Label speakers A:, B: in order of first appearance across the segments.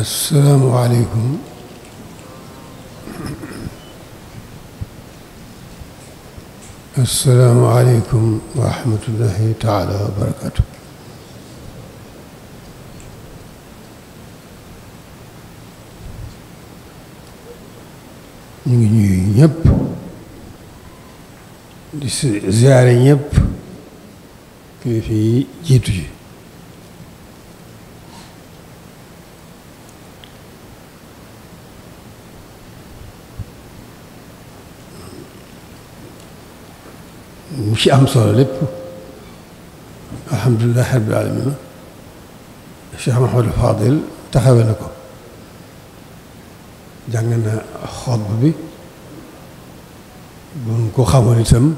A: asalaamualeykum asalaamualeykum wa rahmatullahi taala wa barakatu ñu ngi ñuy ñëpp di ziyaare jiitu ji mu ci am solo lépp alhamdulilah rabbil alamin Cheikh Mahamadou Fadil taxawe na ko jàng na xotb bi buñ ko xamoon itam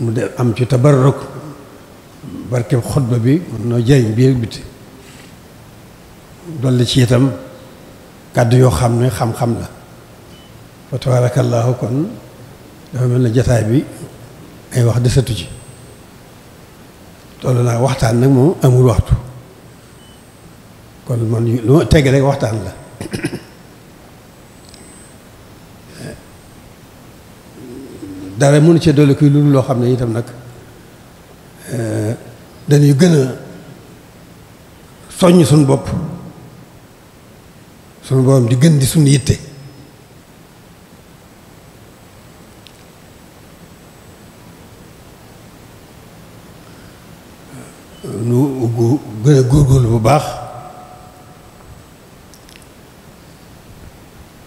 A: mu de am ci tabarruk barkeb xotba bi mën noo jëriñ biir biti dolli ci itam kàddu yoo xam ne xam-xam la fa tabarakallahu kon dafa mel na jasaay bi ay wax desatu ci loolu laa waxtaan nag moom amul waxtu kon man lu ma tege rek waxtaan la dara mënu cee dolli kuy loolu loo xam ne itam nag eh, dañuy gën a soññ suñu bopp suñu borom di gën di suñu yitte góorgóorlu bu baax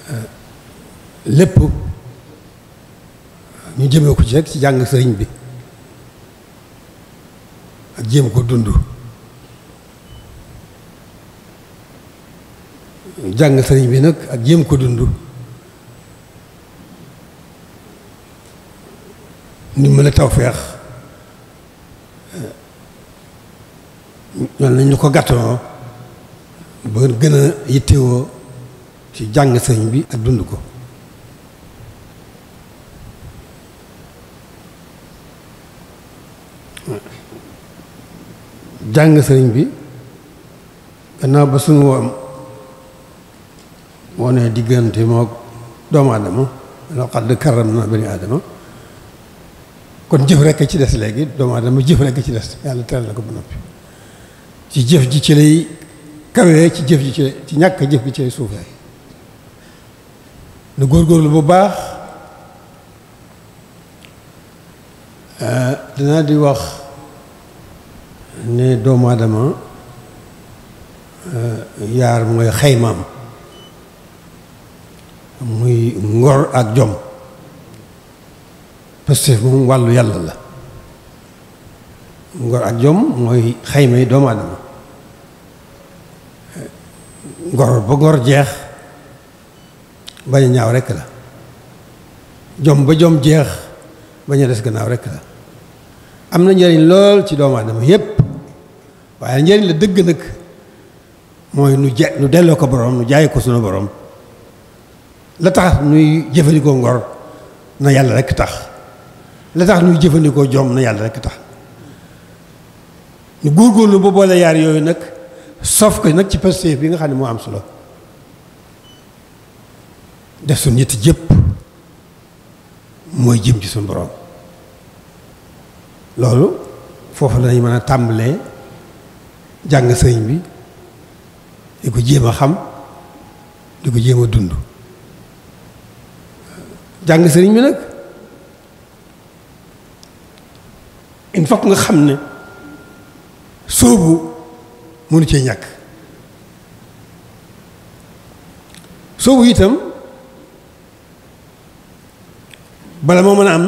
A: euh, lépp ñu jëmee ko ci rek ci jàng sëriñ bi ak jéem ko dund jàng sëriñ bi nag ak jéem ko dund nu mën a tawfeex ñoom nañ lu ko gàttaloo ba gën a yittewoo ci jàng sëriñ bi ak dund ko jàng sëriñ bi gannaaw ba suñu woom moo ne diggante moo doomu aadama laqad karramna bani aadama kon jëf rekk ci des léegi doomu aadama jëf rekk ci des yàlla teral na ko ba noppi ci jëf ji ci lay kawee ci jëf ji ci ci ñàkk jëf gi ci lay suufee góor góorgóorlu bu baax eh, danaa di wax ne doomu aadama eh, yaar mooy xaymaam muy ngor ak jom pëstef moom wàllu yàlla la ngor ak jom mooy xayma yi doomu ngor ba ngor jeex bañ a ñaaw rekk la jom ba jom jeex bañ a des gannaaw rekk la am na njariñ lool ci doomu aadama yépp waaye njëriñ la dëgg nag mooy nu je nu delloo ko borom nu jaay ko sunu boroom la tax nuy jëfandikoo ngor na yàlla rekk tax la tax nuy jëfandikoo jom na yàlla rekk tax nu góorgóorlu ba boole yaar yooyu nag sof ko nag ci pastéef bi nga xam ne moo am solo def suñ ñetti jëpp mooy jëm ci suñ boroom loolu foofu lañu mën a tàmbalee jàng sëriñ bi di ko jéem a xam di ko jéem a dund jàng sëriñ bi nag il nga xam ne sóobu mënu ci ñàkk soobu itam bala moo mën a am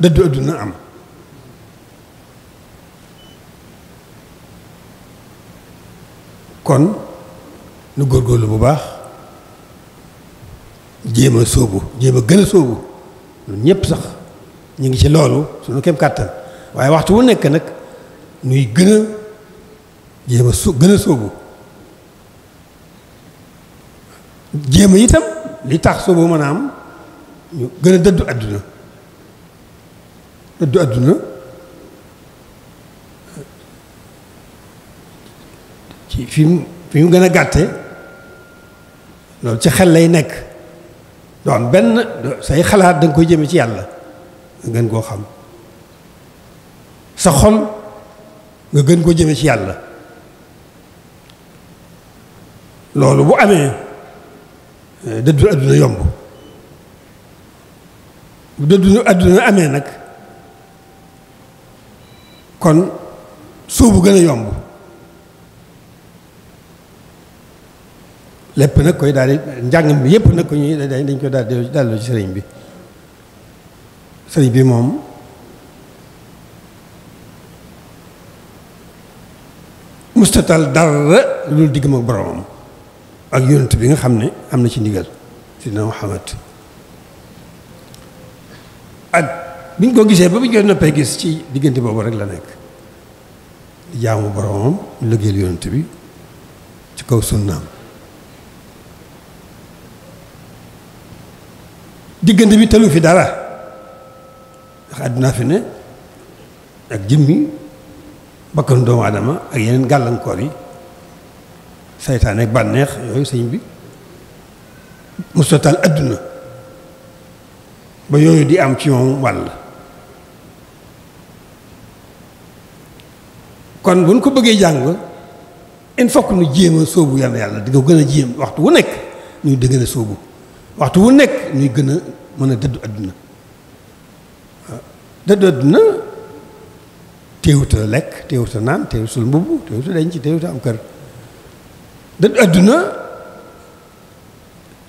A: dëddu àdduna am kon nu góor góorlu bu baax jéem a sóobu jéem a gën a sóobu ñun ñëpp sax ñu ngi ci loolu suñu kem kàttan waaye waxtu wu nekk nag nuy gën jéem a su gën a sóobu jéem itam li tax sóobu mën a am ñu gën a dëddu àdduna dëddu àdduna ci fi fi mu gën a gàtte loolu ci xel lay nekk doon benn say xalaat da nga koy jëme ci yàlla nga gën koo xam sa xol nga gën koo jëme ci yàlla loolu bu amee eh, dëddu àdduna yomb bu dëddu àdduna amee nag kon suubu gën a yomb lépp nag koy daal di njàng mi yépp nag ko ñuy dañ koy daal di delloo ci sëriñ bi sëriñ bi moom mustatal dara lu digg ma boromam ak yonent bi nga xam ne am na ci ndigal sidina Muhammad ak biñ ko gisee ba buñ ko noppee gis ci diggante boobu rek la nekk jaamu boromam liggéeyal yonent bi ci kaw sunnaam diggante bi tëlu fi dara ndax àdduna fi ne ak jëmmi bakkan doomu aadama ak yeneen gàllankoor yi seytaanee bànneex yooyu sëñ bi mustatal adduna ba yooyu di am ci moom wàll kon buñ ko bëggee jàng il faut nu jéem soobu sóobu yàlla yàlla di ko gën a jéem waxtu wu nekk ñuy di gën a sóobu waxtu wu nekk ñuy gën a mën a dëddu adduna dëddu adduna téewuta lekk téewuta naan téewuta mbubb téewuta denc téewuta am kër da adduna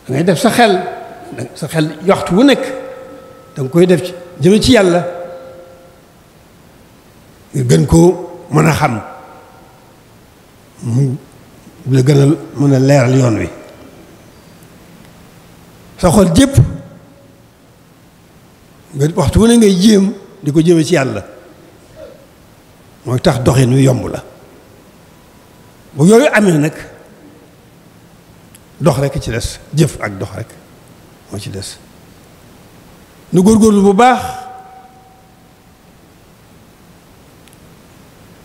A: da def sa xel sa xel waxtu wu nekk danga koy def ci jëme ci yàlla nga gën koo mën a xam mu la gën a mën a leeral yoon wi sa xol jépp nga waxtu wu ne ngay jéem di ko jëme ci yàlla mooy tax doxin wi yomb la bu yooyu amee nag dox rek ci des jëf ak dox rek moo ci des nu góorlu bu baax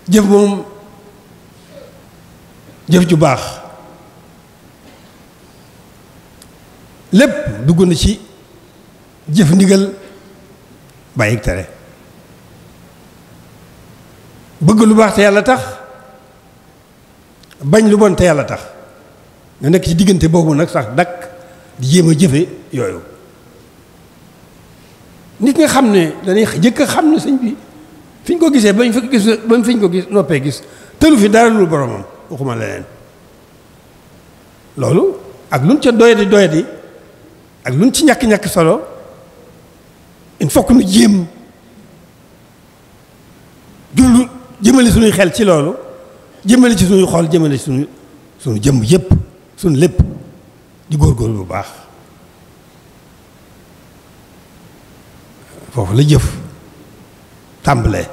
A: jëf moom jëf ju baax lépp dugg na ci jëf ndigal bàyyi tere bëgg lu baax te yàlla tax bañ lu bon te yàlla tax nga nekk ci diggante boobu nag sax dakk di jéem a jëfe yooyu nit nga xam ne dañuy jëkk a xam ne sëñ bi fi ñu ko gisee bañ fa gis bañ fi ñu ko gis noppee gis tëlu fi dara lu boromam waxuma leneen loolu ak luñ ca doyadi doyadi ak luñ ci ñàkk-ñàkk solo il faut que nu jéem jullu jëmale suñuy xel ci loolu jëmale ci suñuy xol jëmale ci suñu suñu jëmm yépp suñ lépp di góorgóorlu bu baax foofu la jëf tàmbalee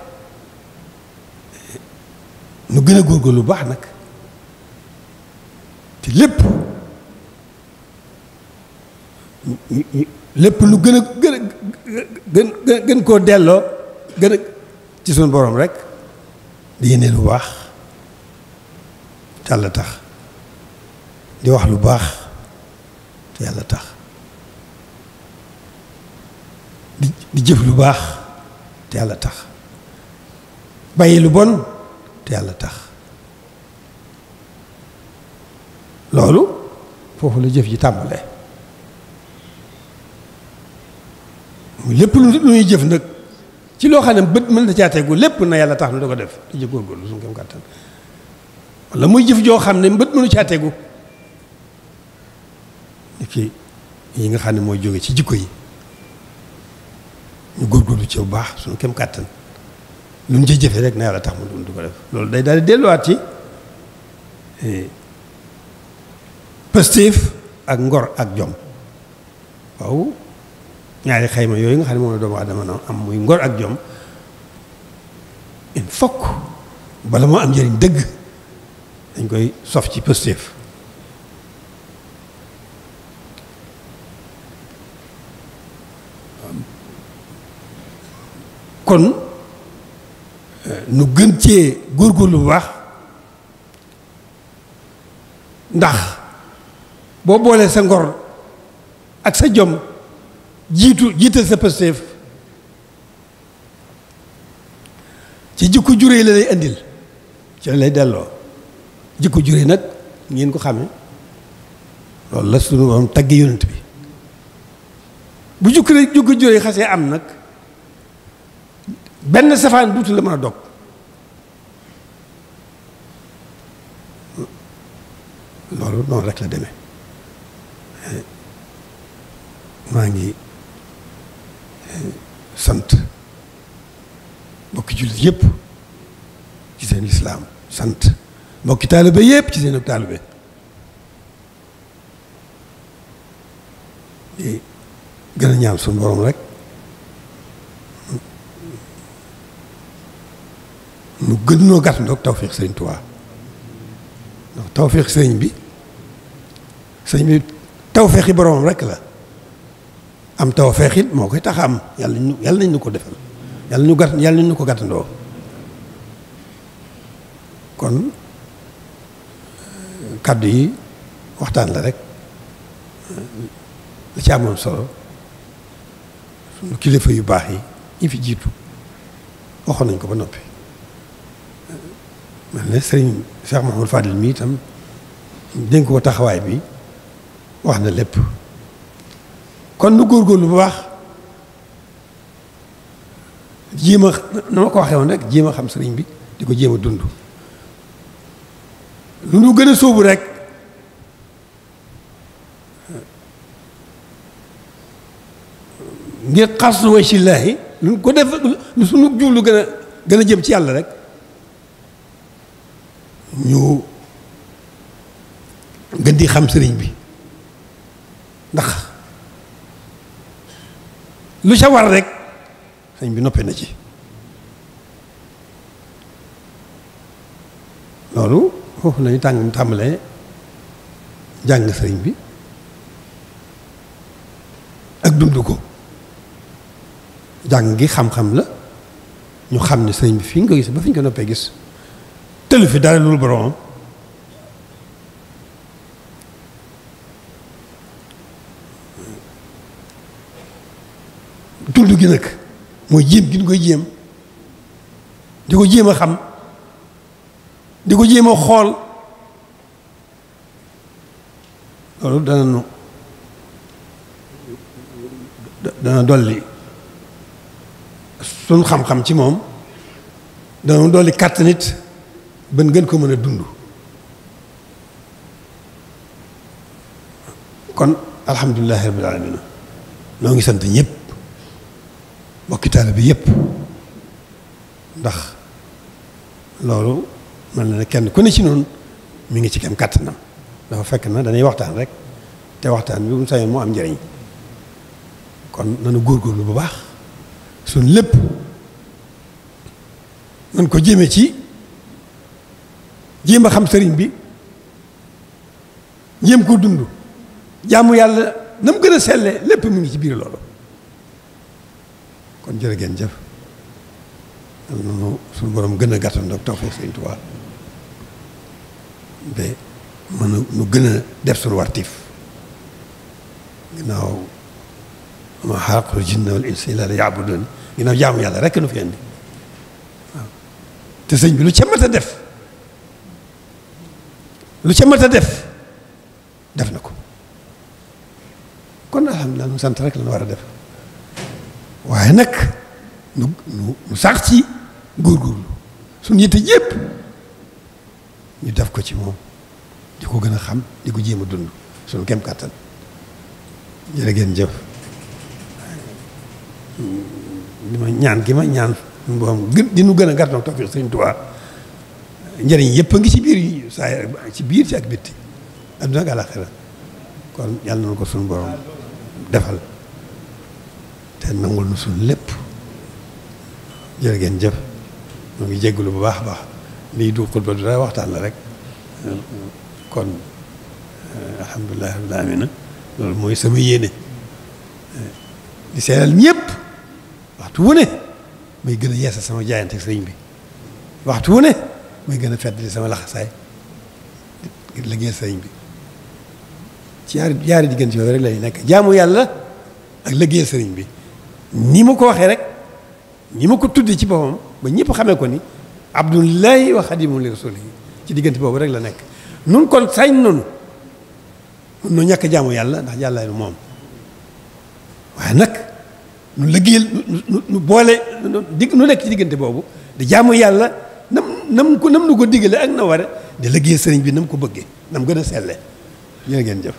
A: nu gën a góorgóorlu lu baax nag te lépp lépp lu gën a gën gën gën koo delloo gën a ci suñu boroom rek di yéene bu baax te Yàlla tax di wax lu baax te yàlla tax di di jëf lu baax te yàlla tax bàyyi lu bon te yàlla tax loolu foofu la jëf ji tàmbalee mu lépp lu lu jëf nag ci loo xam ne bët mën na caa tegu lépp na yàlla tax nu da ko def di jëf góorgóorlu suñu kam kàttan wala muy jëf joo xam ne mbët mënu caa tegu ci yi nga xam ne mooy jóge ci jikko yi góor góorgóorlu ci bu baax suñu kem kàttan lu mu ci jëfe rek na yàlla tax mu dul du ko def loolu day daal delluwaat ci eh, pëstéef ak ngor ak jom waaw ñaari ma yooyu nga xam ne moom la doomu aadama am muy ngor ak jom il fokk bala moo am njëriñ dëgg dañ koy sof ci pëstéef kon euh, nu gën cee góorgóorlu bu baax ndax boo boolee sa ngor ak sa jom jiitu jiital sa pësteef ci jikko juree la lay indil ci lay delloo jikko juree nag ngeen ko xame loolu la sunu borom tagge yonent bi bu jukki jikko juree xasee am nag benn safaan duutu la mën a dog loolu noonu rek la deme maa ngi eh, sant mbokki jullit yëpp ci seen lislaam sant mbokki taalibe yépp ci seen taalibe di gën a ñaan suñu borom rek mu gën noo gàtt ndoog tawféex sëriñ Tuubaa sëñ tawféex sëriñ bi sëriñ bi tawféexi boromam rek la am tawféex moo koy tax am yàlla ñu yàlla ko defal yàlla ñu gàtt yàlla nañ ñu ko gàttandoo kon kàddu yi waxtaan la rek la ci amoon solo sunu kilifa yu baax yi ñi fi jiitu waxoon nañ ko ba noppi. man ne sëriñ Cheikh Mouhamadou Fadil mi itam dénk ko taxawaay bi wax na lépp kon nu lu bu baax jéem a na ma ko waxee woon rek jéem a xam sëriñ bi di ko jéem a dund lu nu gën a sóobu rek ngir xas nu way sillaahi lu ko def lu sunu jublu gën a gën a jëm ci yàlla rek ñu gën xam sëriñ bi ndax lu ca war rek sëriñ bi noppee na ci loolu foofu lañu tàng tàmbalee jàng sëriñ bi ak dund ko jàng gi xam-xam la ñu xam ne sëriñ bi fi ñu ko gis ba fi ñu noppee gis tëlu fi dara loolu boromam dund gi nag mooy jéem gi koy jéem di ko jéem a xam di ko jéem xool loolu dana nu dana dolli suñ xam-xam ci moom dana dolli kàtt nit ban gën ko mën a dund kon alhamdulilahi rabbil alamin noo ngi sant ñëpp bokki taalibe bi yépp ndax loolu mel na ne kenn ku ne ci noonu mu ngi ci kem kàttanam dafa fekk na dañuy waxtaan rek te waxtaan bi mu sañoon moo am njëriñ kon nanu góorgóorlu bu baax suñ lépp nan ko jëme ci jéem a xam sëriñ bi jéem koo dund jaamu yàlla na mu gën a selle lépp mu ngi ci biir loolu kon jërë ngeen jëf yàlla noonu suñu gën a gàttandoog tawfeex sëriñ Tuubaa ba mën nu gën a def suñu wartiif ginnaaw ma xalaqtul jinna wal insa illa liya'budun ginnaaw jaamu yàlla rekk nu fi indi te sëñ bi lu ca mat def lu ca mat a def def na ko kon alhamdulilah nu sant rek la nu war a def waaye nag nu nu sax ci góorgóorlu suñu yitte yépp ñu def ko ci moom di ko gën a xam di ko jéem a dund suñu kem kàttan jërë ngeen jëf li ma ñaan gi ma ñaan suñu borom gën di nu gën a gàtt nag toog fi sëñ njëriñ yëpp a ngi ci biir yi saa ci biir ci ak bitti adduna ak àlaxira kon yàlla na ko suñu borom defal te nangul nu suñu lépp jërë ngeen jëf mu ngi jégalu bu baax a baax lii du xutba du dara waxtaan la rek kon eh, alhamdulilah rabbil loolu mooy sama yéene eh, di seeral ñëpp waxtu wu ne may gën a yeesa sama jaayante sëriñ bi waxtu wu muy gën a feddali sama laxasaay ngir liggéey sëriñ bi ci ñaari ñaari diggante yooyu rek lañu nekk jaamu yàlla ak liggéey sëriñ bi nii ma ko waxee rek ni ma ko tuddee ci boppam ba ñëpp xamee ko ni abdullahi wa xadimu ci diggante boobu rek la nekk nun kon sañ nonu mun nu ñàkk jaamu yàlla ndax yàlla moom waaye nag nu liggéeyal boole nu nekk ci diggante boobu di jaamu yàlla nam ko nam nu ko digale ak na ware di liggéey sëriñ bi nam ko bëggee nam gën a selle jërë ngeen jëf